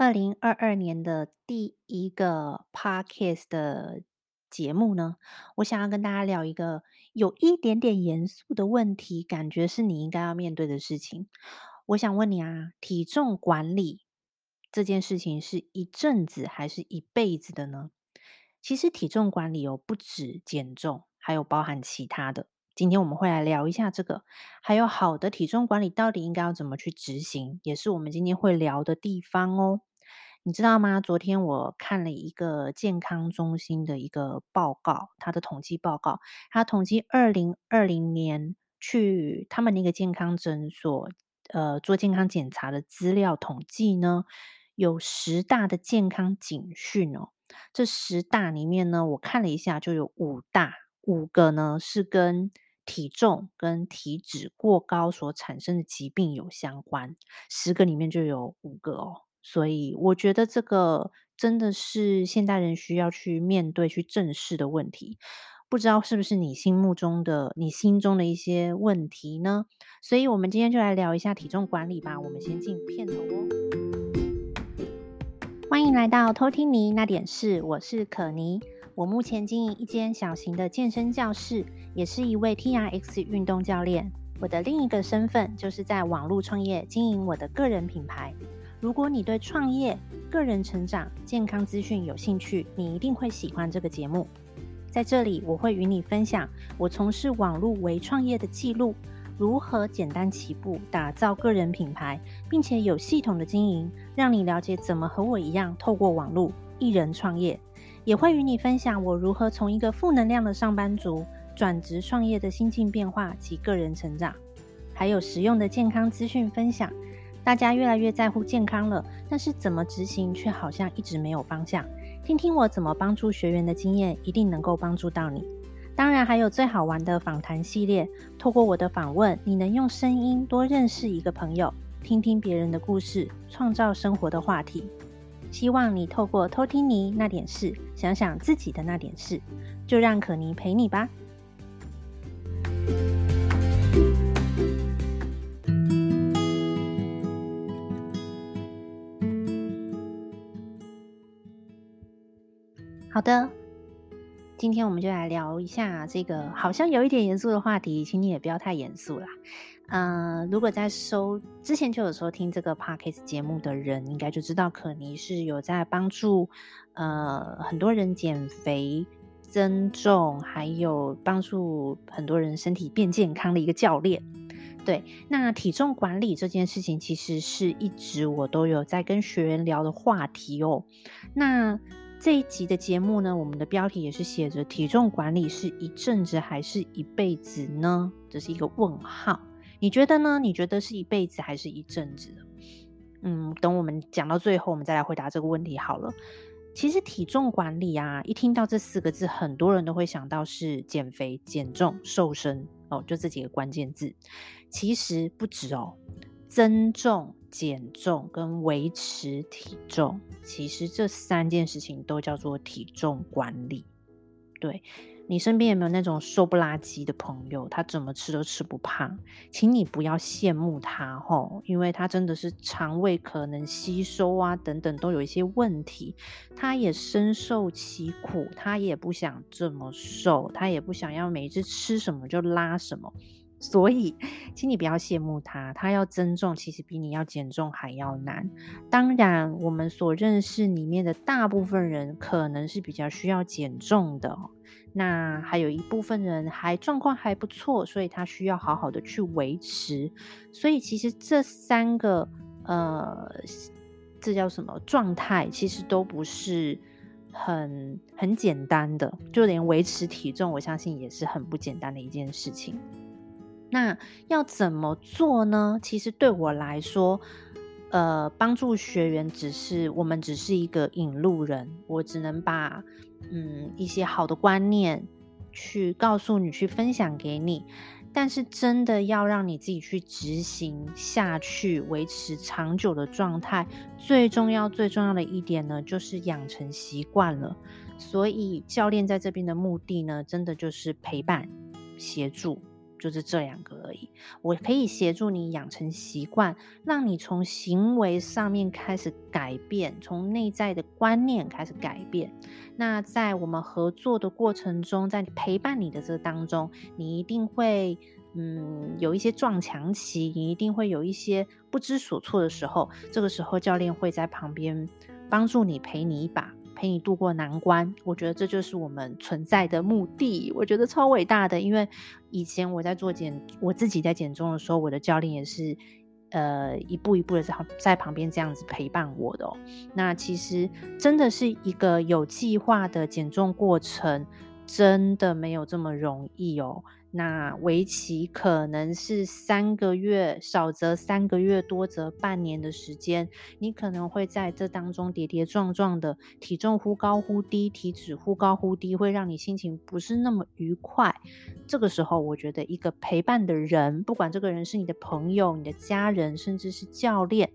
二零二二年的第一個 podcast 的節目呢，我想要跟大家聊一個有一點點嚴肅的問題，感覺是你應該要面對的事情。我想問你啊，體重管理這件事情是一陣子還是一輩子的呢？其實體重管理有不止減重，還有包含其他的。今天我們會來聊一下這個，還有好的體重管理到底應該要怎麼去執行，也是我們今天會聊的地方哦。你知道嗎？昨天我看了一個健康中心的一個報告，它的統計報告，它統計二零二零年去他們那個健康診所，呃，做健康檢查的資料統計呢，有十大的健康警訊哦。這十大裡面呢，我看了一下，就有五大，五個呢是跟體重跟體脂過高所產生的疾病有相關，十個裡面就有五個哦。所以我覺得這個真的是現代人需要去面對、去正視的問題，不知道是不是你心目中的、你心中的一些問題呢？所以，我們今天就來聊一下體重管理吧。我們先進片頭哦。歡迎來到偷聽妮那點事，我是可妮。我目前經營一間小型的健身教室，也是一位 TRX 運動教練。我的另一個身份就是在網絡創業，經營我的個人品牌。如果你對創業、個人成長、健康資訊有興趣，你一定會喜歡這個節目。在這裡，我會與你分享我從事網絡微創業的記錄，如何簡單起步、打造個人品牌，並且有系統的經營，讓你了解怎麼和我一樣透過網絡一人創業。也會與你分享我如何從一個負能量的上班族轉職創業的心境變化及個人成長，還有實用的健康資訊分享。大家越來越在乎健康了，但是怎麼執行卻好像一直沒有方向。聽聽我怎麼幫助學員的經驗，一定能夠幫助到你。當然，還有最好玩的訪談系列，透過我的訪問，你能用聲音多認識一個朋友，聽聽別人的故事，創造生活的話題。希望你透過偷聽妮那點事，想想自己的那點事，就讓可妮陪你吧。好的，今天我們就來聊一下這個好像有一點嚴肅的話題，請你也不要太嚴肅啦。呃，如果在收之前就有收聽這個 Podcast 節目的人，應該就知道可妮是有在幫助呃很多人減肥增重，還有幫助很多人身體變健康的一個教練。對，那體重管理這件事情，其實是一直我都有在跟學員聊的話題哦。那這一集的節目呢，我們的標題也是寫着「體重管理是一陣子還是一輩子呢？」這是一個問號。你覺得呢？你覺得是一輩子還是一陣子？嗯，等我們講到最後，我們再來回答這個問題好了。其實體重管理啊，一聽到這四個字，很多人都會想到是減肥、減重、瘦身哦，就這幾個關鍵字。其實不止哦，增重。減重跟維持體重，其實這三件事情都叫做體重管理。對，你身邊有沒有那種瘦不拉幾的朋友，他怎麼吃都吃不胖？請你不要羨慕他哦，因為他真的是腸胃可能吸收啊等等都有一些問題，他也深受其苦，他也不想這麼瘦，他也不想要每一次吃什麼就拉什麼。所以，請你不要羨慕他，他要增重其實比你要減重還要難。當然，我們所認識裡面的大部分人可能是比較需要減重的，那還有一部分人還狀況還不錯，所以他需要好好的去維持。所以，其實這三個呃，這叫什麼狀態，其實都不是很很簡單的。就連維持體重，我相信也是很不簡單的一件事情。那要怎麼做呢？其實對我來說，呃，幫助學員只是我們只是一個引路人，我只能把嗯一些好的觀念去告訴你，去分享給你。但是真的要讓你自己去執行下去，維持長久的狀態，最重要、最重要的一點呢，就是養成習慣了。所以教練在這邊的目的呢，真的就是陪伴、協助。就是這兩個而已，我可以協助你養成習慣，讓你從行為上面開始改變，從內在的觀念開始改變。那在我們合作的過程中，在陪伴你的這當中，你一定會嗯有一些撞牆期，你一定會有一些不知所措的時候，這個時候教練會在旁邊幫助你，陪你一把。陪你渡過難關，我覺得這就是我們存在的目的。我覺得超偉大的，因為以前我在做減，我自己在減重的時候，我的教練也是，呃，一步一步的在在旁邊這樣子陪伴我的哦。那其實真的是一個有計劃的減重過程，真的沒有這麼容易哦。那為期可能是三個月，少則三個月，多則半年的時間，你可能會在這當中跌跌撞撞的，體重忽高忽低，體脂忽高忽低，會讓你心情不是那麼愉快。這個時候，我覺得一個陪伴的人，不管這個人是你的朋友、你的家人，甚至是教練，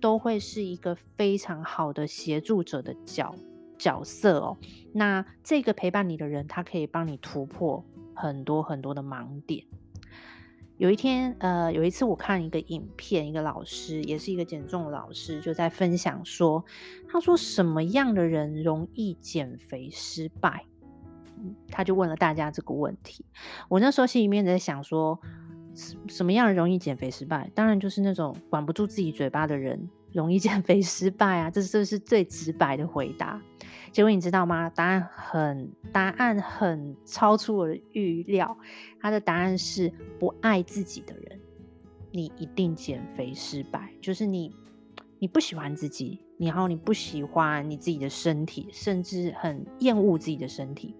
都會是一個非常好的協助者的角角色哦。那這個陪伴你的人，他可以幫你突破。很多很多的盲點。有一天，呃，有一次我看一個影片，一個老師也是一個減重的老師，就在分享說，他說什麼樣的人容易減肥失敗？嗯，他就問了大家這個問題。我那時候心裡面在想說，什什麼樣容易減肥失敗？當然就是那種管不住自己嘴巴的人，容易減肥失敗啊，這是，這是最直白的回答。結果你知道嗎？答案很，答案很超出我的預料。他的答案是：不愛自己的人，你一定減肥失敗。就是你，你不喜歡自己，然後你不喜歡你自己的身體，甚至很厭惡自己的身體。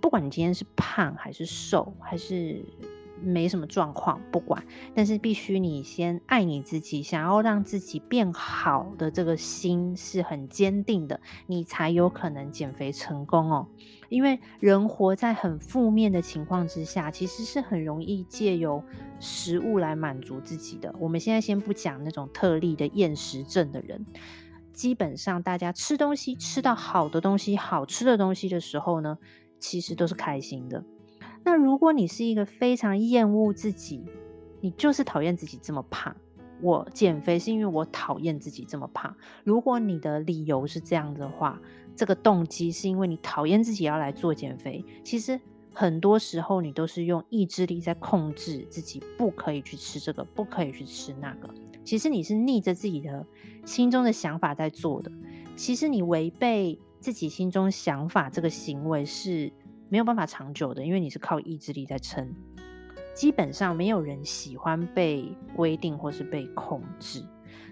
不管你今天是胖還是瘦還是，還是。沒什麼狀況，不管，但是必須你先愛你自己，想要讓自己變好的這個心是很堅定的，你才有可能減肥成功哦。因為人活在很負面的情況之下，其實是很容易借由食物來滿足自己的。我們現在先不講那種特例的厭食症的人，基本上大家吃東西吃到好的東西、好吃的東西的時候呢，其實都是開心的。那如果你是一個非常厭惡自己，你就是討厭自己這麼胖。我減肥是因為我討厭自己這麼胖。如果你的理由是這樣的話，這個動機是因為你討厭自己要來做減肥。其實很多時候你都是用意志力在控制自己，不可以去吃這個，不可以去吃那個。其實你是逆着自己的心中的想法在做的。其實你違背自己心中想法這個行為是。沒有辦法長久的，因為你是靠意志力在撐，基本上沒有人喜歡被規定或是被控制，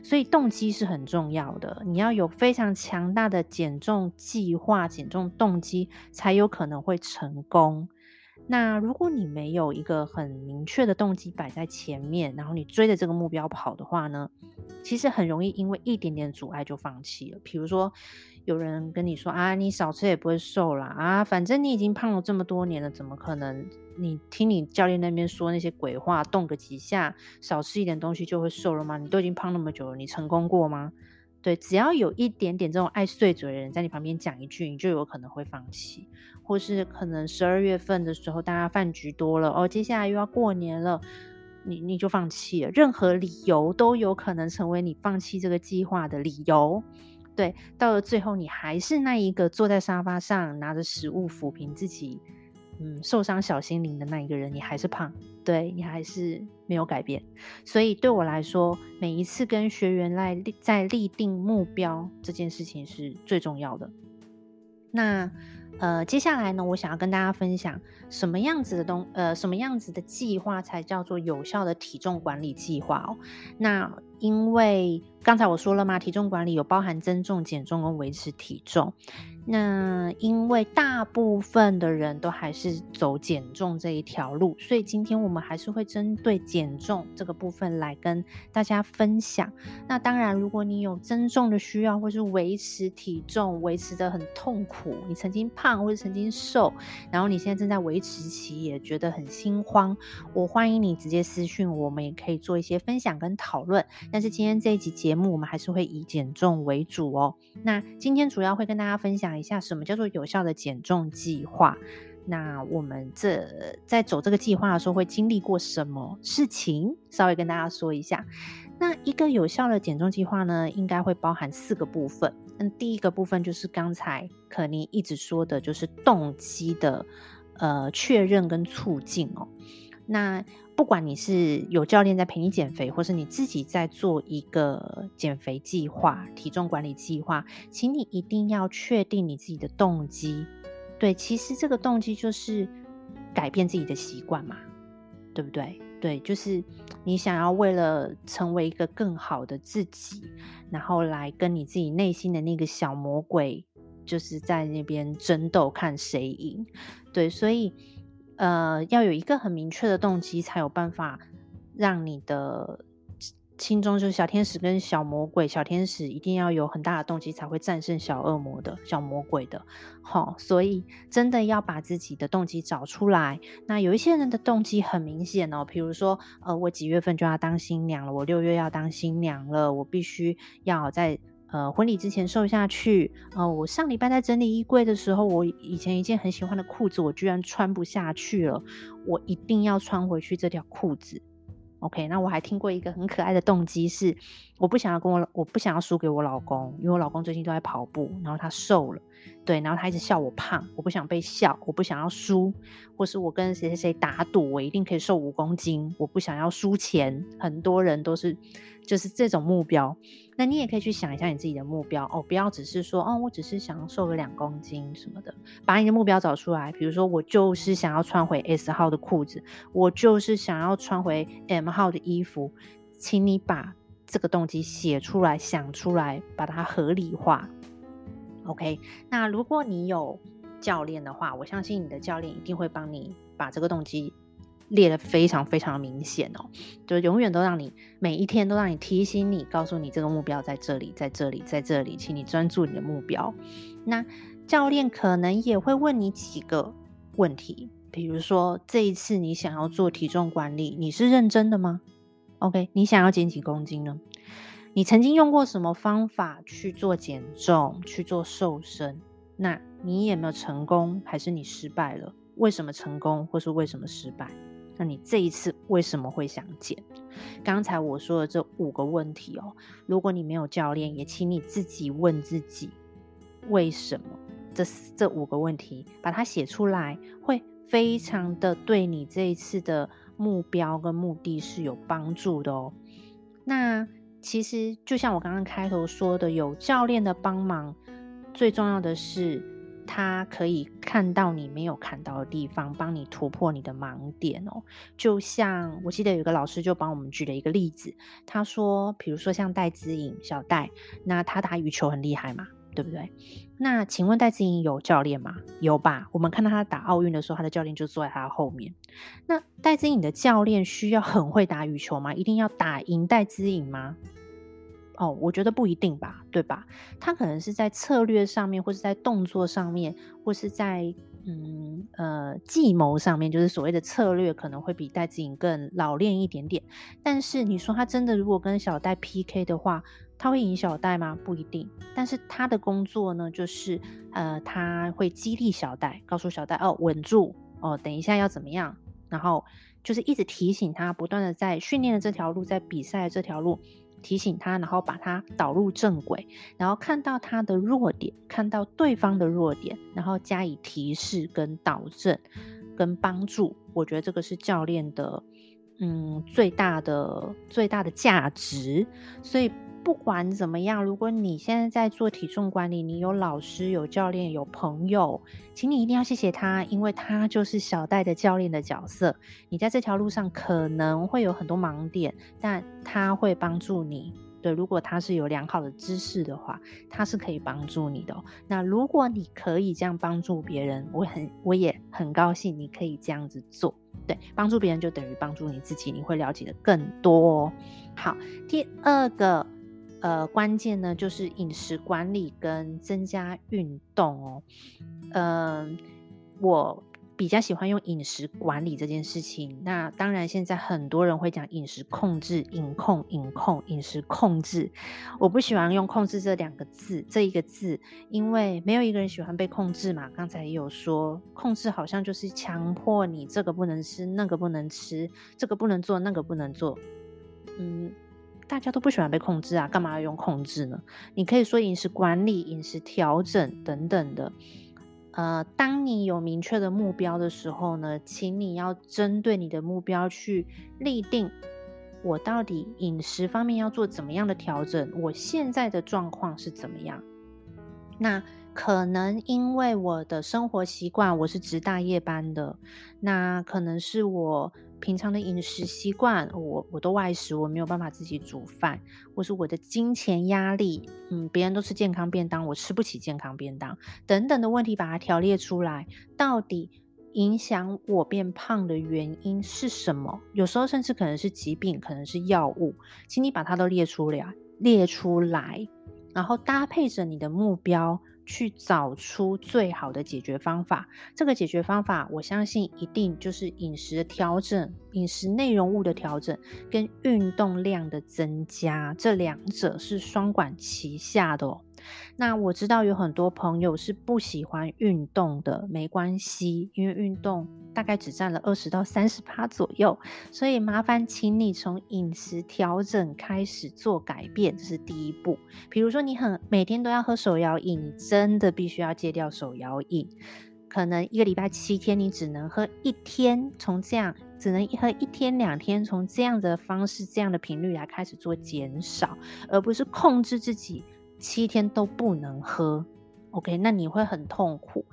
所以動機是很重要的。你要有非常強大的減重計劃、減重動機，才有可能會成功。那如果你沒有一個很明確的動機擺在前面，然後你追着這個目標跑的話呢，其實很容易因為一點點阻礙就放棄了。比如說。有人跟你說啊，你少吃也不會瘦了啊，反正你已經胖了這麼多年了，怎麼可能？你聽你教練那邊說那些鬼話，動個幾下，少吃一點東西就會瘦了嗎？你都已經胖那麼久了，你成功過嗎？對，只要有一點點這種愛碎嘴的人在你旁邊講一句，你就有可能會放棄。或是可能十二月份的時候，大家飯局多了哦，接下來又要過年了，你你就放棄了。任何理由都有可能成為你放棄這個計劃的理由。對，到了最後，你還是那一個坐在沙發上拿着食物撫平自己，嗯，受傷小心靈的那一個人，你還是胖，對，你還是沒有改變。所以對我來說，每一次跟學員來在立定目標這件事情是最重要的。那呃，接下來呢，我想要跟大家分享什麼樣子的東呃，什麼樣子的計劃才叫做有效的體重管理計劃哦。那。因為剛才我說了嘛，體重管理有包含增重、減重跟維持體重。那因為大部分的人都還是走減重這一條路，所以今天我們還是會針對減重這個部分來跟大家分享。那當然，如果你有增重的需要，或是維持體重維持得很痛苦，你曾經胖或者曾經瘦，然後你現在正在維持期也覺得很心慌，我歡迎你直接私訊，我們也可以做一些分享跟討論。但是今天這一集節目，我們還是會以減重為主哦。那今天主要會跟大家分享一下什麼叫做有效的減重計劃。那我們這在走這個計劃的時候，會經歷過什麼事情？稍微跟大家說一下。那一個有效的減重計劃呢，應該會包含四個部分。那第一個部分就是剛才可妮一直說的，就是動機的呃確認跟促進哦。那不管你是有教練在陪你減肥，或是你自己在做一個減肥計劃、體重管理計劃，請你一定要確定你自己的動機。對，其實這個動機就是改變自己的習慣嘛，對不對？對，就是你想要為了成為一個更好的自己，然後來跟你自己內心的那個小魔鬼，就是在那邊爭鬥，看誰贏。對，所以。呃，要有一個很明確的動機，才有辦法讓你的心中就是小天使跟小魔鬼。小天使一定要有很大的動機，才會戰勝小惡魔的小魔鬼的。好，哦，所以真的要把自己的動機找出來。那有一些人的動機很明顯哦，比如說，呃，我幾月份就要當新娘了，我六月要當新娘了，我必須要在。呃，婚禮之前瘦下去。呃，我上禮拜在整理衣櫃的時候，我以前一件很喜歡的褲子，我居然穿不下去了。我一定要穿回去這條褲子。OK，那我還聽過一個很可愛的動機是，我不想要跟我，我不想要輸給我老公，因為我老公最近都在跑步，然後他瘦了。對，然後他一直笑我胖，我不想被笑，我不想要輸，或是我跟誰誰誰打賭，我一定可以瘦五公斤，我不想要輸錢。很多人都是就是這種目標，那你也可以去想一下你自己的目標哦，不要只是說哦，我只是想要瘦個兩公斤什麼的，把你的目標找出來。比如說，我就是想要穿回 S 號的褲子，我就是想要穿回 M 號的衣服，請你把這個動機寫出來，想出來，把它合理化。OK，那如果你有教練的話，我相信你的教練一定會幫你把這個動機列得非常非常明顯哦，就永遠都讓你每一天都讓你提醒你，告訴你這個目標在這裡，在這裡，在這裡，請你專注你的目標。那教練可能也會問你幾個問題，比如說這一次你想要做體重管理，你是認真的嗎？OK，你想要減幾公斤呢？你曾經用過什麼方法去做減重、去做瘦身？那你有沒有成功，還是你失敗了？為什麼成功，或是為什麼失敗？那你這一次為什麼會想減？剛才我說的這五個問題哦，如果你沒有教練，也請你自己問自己：為什麼？這這五個問題，把它寫出來，會非常的對你這一次的目標跟目的是有幫助的哦。那。其實就像我剛剛開頭說的，有教練的幫忙，最重要的是他可以看到你沒有看到的地方，幫你突破你的盲點哦。就像我記得有個老師就幫我們舉了一個例子，他說，比如說像戴資穎小戴，那他打羽球很厲害嘛。對不對？那請問戴資穎有教練嗎？有吧？我們看到他打奧運的時候，他的教練就坐在他的後面。那戴資穎的教練需要很會打羽球嗎？一定要打贏戴資穎嗎？哦，我覺得不一定吧，對吧？他可能是在策略上面，或是在動作上面，或是在嗯呃計謀上面，就是所謂的策略可能會比戴資穎更老練一點點。但是你說他真的如果跟小戴 PK 的話，他會贏小戴嗎？不一定。但是他的工作呢，就是呃，他會激勵小戴，告訴小戴哦，穩住哦，等一下要怎麼樣，然後就是一直提醒他，不斷的在訓練的這條路，在比賽的這條路，提醒他，然後把他導入正軌，然後看到他的弱點，看到對方的弱點，然後加以提示跟導正跟幫助。我覺得這個是教練的，嗯，最大的最大的價值。所以。不管怎麼樣，如果你現在在做體重管理，你有老師、有教練、有朋友，請你一定要謝謝他，因為他就是小戴的教練的角色。你在這條路上可能會有很多盲點，但他會幫助你。對，如果他是有良好的知識的話，他是可以幫助你的哦。那如果你可以這樣幫助別人，我很我也很高興你可以這樣子做。對，幫助別人就等於幫助你自己，你會了解的更多哦。好，第二個。呃，關鍵呢就是飲食管理跟增加運動哦。嗯、呃，我比較喜歡用飲食管理這件事情。那當然，現在很多人會講飲食控制，飲控、飲控、飲食控制。我不喜歡用控制這兩個字，這一個字，因為沒有一個人喜歡被控制嘛。剛才也有說，控制好像就是強迫你這個不能吃，那個不能吃，這個不能做，那個不能做。嗯。大家都不喜歡被控制啊，幹嘛要用控制呢？你可以說飲食管理、飲食調整等等的。呃，當你有明確的目標的時候呢，請你要針對你的目標去立定，我到底飲食方面要做怎麼樣的調整？我現在的狀況是怎麼樣？那可能因為我的生活習慣，我是值大夜班的，那可能是我。平常的飲食習慣，我我都外食，我沒有辦法自己煮飯，或是我的金錢壓力，嗯，別人都吃健康便當，我吃不起健康便當等等的問題，把它條列出來，到底影響我變胖的原因是什麼？有時候甚至可能是疾病，可能是藥物，請你把它都列出來，列出來，然後搭配着你的目標。去找出最好的解決方法。這個解決方法，我相信一定就是飲食的調整、飲食內容物的調整跟運動量的增加，這兩者是雙管齊下的哦。那我知道有很多朋友是不喜歡運動的，沒關係，因為運動大概只占了二十到三十趴左右，所以麻煩請你從飲食調整開始做改變，這是第一步。比如說你很每天都要喝手搖飲，你真的必須要戒掉手搖飲，可能一個禮拜七天你只能喝一天，從這樣只能喝一天兩天，從這樣的方式、這樣的頻率來開始做減少，而不是控制自己。七天都不能喝，OK？那你會很痛苦。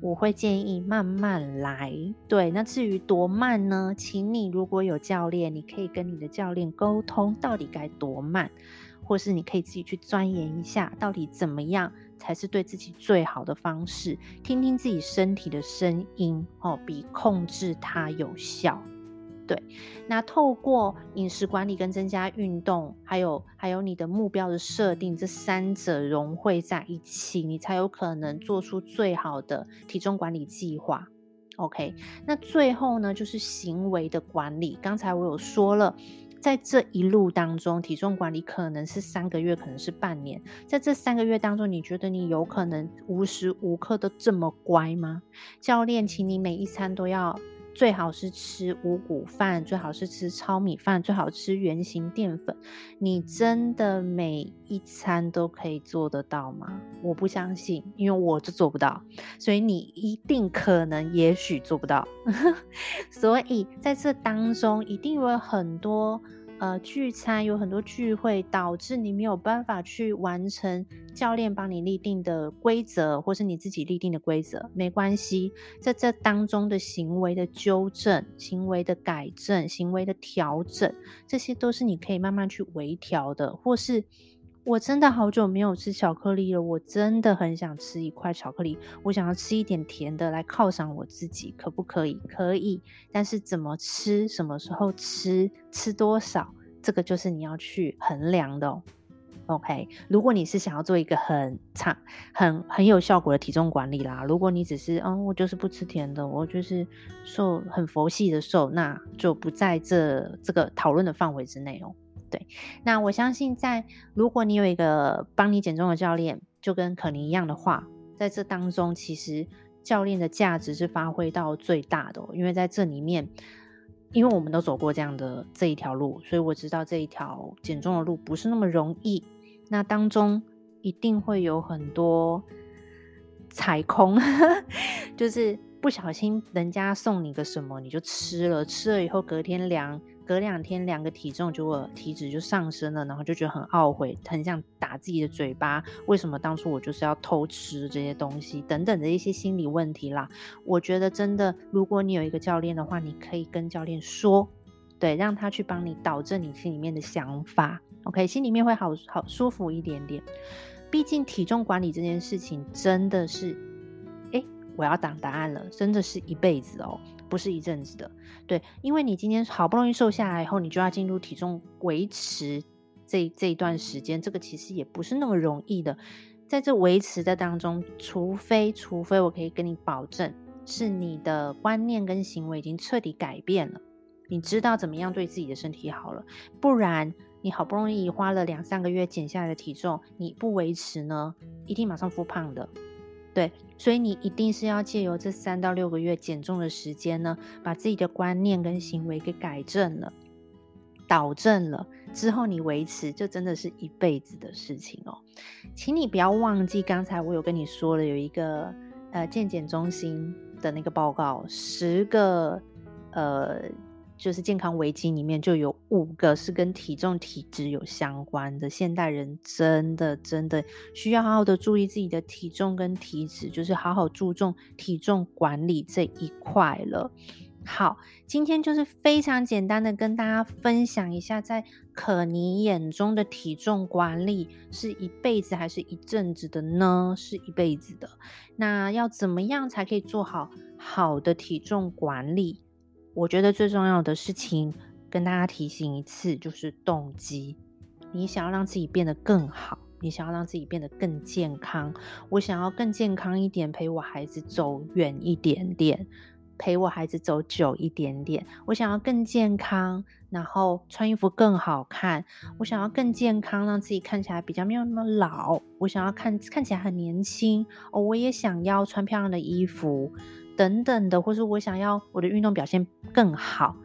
我會建議慢慢來，對。那至於多慢呢？請你如果有教練，你可以跟你的教練溝通，到底該多慢，或是你可以自己去鑽研一下，到底怎麼樣才是對自己最好的方式？聽聽自己身體的聲音哦，比控制它有效。對，那透過飲食管理跟增加運動，還有還有你的目標的設定，這三者融匯在一起，你才有可能做出最好的體重管理計劃。OK，那最後呢，就是行為的管理。剛才我有說了，在這一路當中，體重管理可能是三個月，可能是半年，在這三個月當中，你覺得你有可能無時無刻都這麼乖嗎？教練，請你每一餐都要。最好是吃五穀飯，最好是吃糙米飯，最好是吃原型澱粉。你真的每一餐都可以做得到嗎？我不相信，因為我就做不到。所以你一定可能也許做不到。 所以在這當中，一定有很多。呃，聚餐、有很多聚會，導致你沒有辦法去完成教練幫你立定的規則，或是你自己立定的規則，沒關係，在這當中的行為的糾正、行為的改正、行為的調整，這些都是你可以慢慢去微調的，或是。我真的好久沒有吃巧克力了，我真的很想吃一塊巧克力，我想要吃一點甜的來犒賞我自己，可不可以？可以，但是怎麼吃，什麼時候吃，吃多少，這個就是你要去衡量的哦。OK，如果你是想要做一個很差、很很有效果的體重管理啦，如果你只是，嗯，我就是不吃甜的，我就是瘦，很佛系的瘦，那就不在這這個討論的範圍之內哦。對，那我相信在，在如果你有一個幫你減重的教練，就跟可妮一樣的話，在這當中，其實教練的價值是發揮到最大的哦，因為在這裡面，因為我們都走過這樣的這一條路，所以我知道這一條減重的路不是那麼容易。那當中一定會有很多踩空， 就是不小心人家送你個什麼，你就吃了，吃了以後隔天量，隔兩天量個體重就體脂就上升了，然後就覺得很懊悔，很想打自己的嘴巴。為什麼當初我就是要偷吃這些東西？等等的一些心理問題啦。我覺得真的，如果你有一個教練的話，你可以跟教練說，對，讓他去幫你導正你心裡面的想法。OK，心裡面會好好舒服一點點。畢竟體重管理這件事情真的是，哎，我要講答，答案了，真的是一輩子哦。不是一陣子的，對，因為你今天好不容易瘦下來以後，你就要進入體重維持這這一段時間，這個其實也不是那麼容易的。在這維持的當中，除非除非我可以跟你保證，是你的觀念跟行為已經徹底改變了，你知道怎麼樣對自己的身體好了，不然你好不容易花了兩三個月減下來的體重，你不維持呢，一定馬上復胖的。對，所以你一定是要借由這三到六個月減重的時間呢，把自己的觀念跟行為給改正了、導正了之後，你維持就真的是一輩子的事情哦。請你不要忘記，剛才我有跟你說了有一個呃健檢中心的那個報告，十個呃。就是健康危機裡面就有五個是跟體重、體質有相關的。現代人真的真的需要好好的注意自己的體重跟體質，就是好好注重體重管理這一塊了。好，今天就是非常簡單的跟大家分享一下，在可妮眼中的體重管理是一輩子還是一陣子的呢？是一輩子的。那要怎麼樣才可以做好好的體重管理？我覺得最重要的事情，跟大家提醒一次，就是動機。你想要讓自己變得更好，你想要讓自己變得更健康。我想要更健康一點，陪我孩子走遠一點點，陪我孩子走久一點點。我想要更健康，然後穿衣服更好看。我想要更健康，讓自己看起來比較沒有那麼老。我想要看看起來很年輕。哦，我也想要穿漂亮的衣服。等等的，或是我想要我的運動表現更好，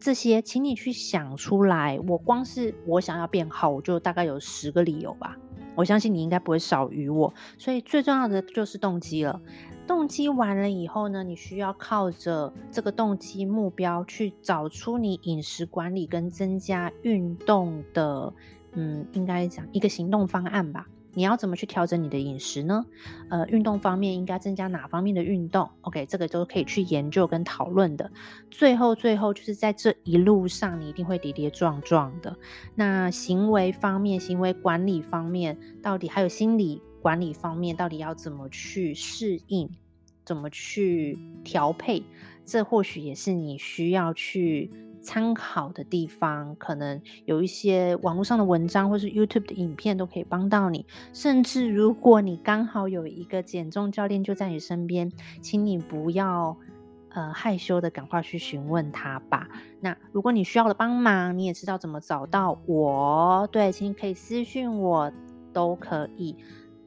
這些，請你去想出來。我光是我想要變好，我就大概有十個理由吧。我相信你應該不會少於我，所以最重要的就是動機了。動機完了以後呢，你需要靠着這個動機目標，去找出你飲食管理跟增加運動的，嗯，應該講一個行動方案吧。你要怎麼去調整你的飲食呢？呃，運動方面應該增加哪方面的運動？OK，這個都可以去研究跟討論的。最後，最後就是在這一路上，你一定會跌跌撞撞的。那行為方面、行為管理方面，到底還有心理管理方面，到底要怎麼去適應，怎麼去調配？這或許也是你需要去。參考的地方，可能有一些網絡上的文章或是 YouTube 的影片都可以幫到你。甚至如果你剛好有一個減重教練就在你身邊，請你不要、呃、害羞的趕快去詢問他吧。那如果你需要的幫忙，你也知道怎麼找到我，對，請你可以私訊我都可以。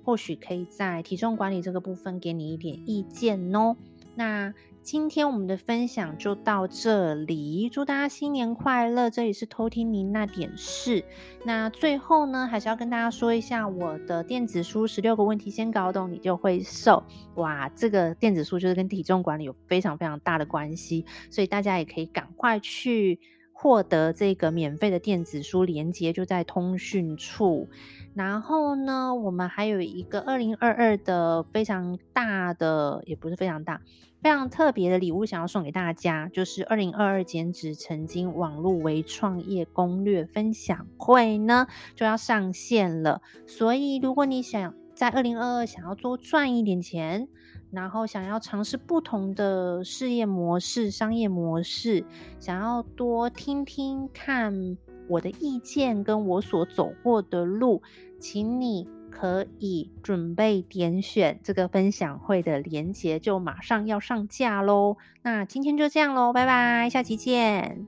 或許可以在體重管理這個部分給你一點意見哦。那。今天我們的分享就到這裡，祝大家新年快樂！這裡是偷聽妮那點事。那最後呢，還是要跟大家說一下我的電子書《十六個問題先搞懂，你就會瘦》哇，這個電子書就是跟體重管理有非常非常大的關係，所以大家也可以趕快去獲得這個免費的電子書連接，就在通訊處。然後呢，我們還有一個二零二二的非常大的，也不是非常大。非常特別的禮物想要送給大家，就是二零二二減脂成金網路輕創業攻略分享會呢，就要上線了。所以如果你想在二零二二想要多賺一點錢，然後想要嘗試不同的事業模式，商業模式，想要多聽聽看我的意見跟我所走過的路，請你。可以準備點選這個分享會的連結，就馬上要上架咯。那今天就這樣咯，拜拜，下期見。